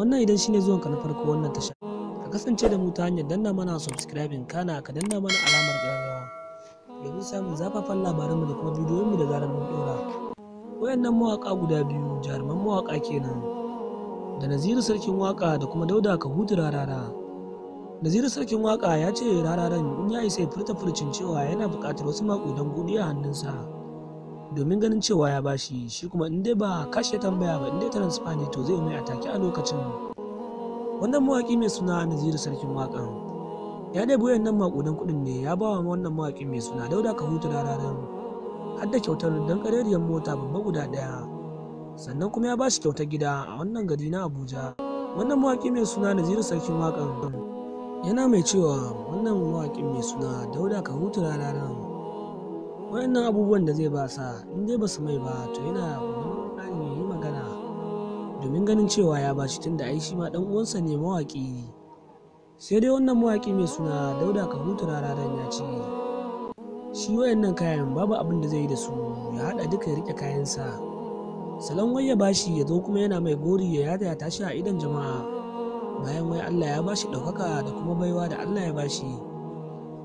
wannan idan shine zuwanka na farko wannan tasha ka kasance da mu ta hanyar danna mana subscribing kana ka danna mana alamar ƙararrawa domin samun zafafan labaranmu da kuma bidiyoyinmu da zarar mun ɗora wayannan mawaƙa guda biyu jaruman mawaƙa kenan da naziru sarkin waƙa da kuma dauda ka hutu rarara naziru sarkin waƙa ya ce rararan in ya isa ya furta furcin cewa yana buƙatar wasu maƙudan guɗi a hannunsa domin ganin cewa ya bashi shi kuma in dai ba kashe tambaya ba in dai transfer ne to zai mai ataki a lokacin wannan mawaki mai suna naziru sarkin wakan ya dai buyan nan makudan kuɗin ne ya ba wannan mawaki mai suna dauda ka hutu rararen har da kyautar don kareriyar mota babba guda daya sannan kuma ya ba shi kyautar gida a wannan gari na abuja wannan mawaki mai suna naziru sarkin wakan yana mai cewa wannan mawaki mai suna dauda ka hutu rararen Wayannan abubuwan da zai ba sa in dai ba su mai ba to yana ƙoƙarin yi magana domin ganin cewa ya ba shi tun da ai shi ma dan uwansa ne mawaƙi sai dai wannan mawaƙi mai suna dauda ka hutu rararen ya ce shi wayannan kayan babu abin da zai yi da su ya haɗa duka ya riƙe kayansa salon wai ya bashi ya zo kuma yana mai gori ya yada ya tashi a idon jama'a bayan wai Allah ya bashi ɗaukaka da kuma baiwa da Allah ya bashi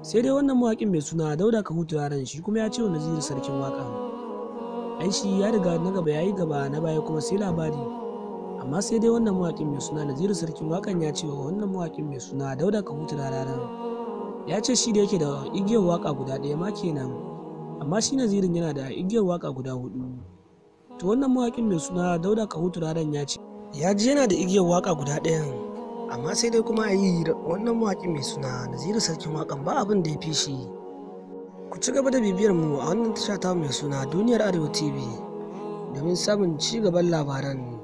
sai dai wannan mawaƙin mai suna dauda ka hutu yaran shi kuma ya ce wa naziru sarkin waka ai shi ya riga na gaba ya yi gaba na baya kuma sai labari amma sai dai wannan mawaƙin mai suna nazirin sarkin waƙan ya ce wa wannan mawaƙin mai suna dauda ka hutu yaran ya ce shi da yake da igiyar waƙa guda ɗaya ma kenan amma shi nazirin yana da igiyar waƙa guda hudu to wannan mawaƙin mai suna dauda ka hutu yaran ya ce ya ji yana da igiyar waka guda ɗayan amma sai dai kuma a yi wannan mawaƙi mai suna naziru sarkin waƙan ba abin da ya fi shi ku ci gaba da bibiyar mu a wannan tasha ta mai suna duniyar arewa tv domin samun ci gaban labaran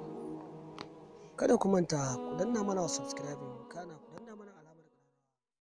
kada ku manta ku danna mana subscribing kana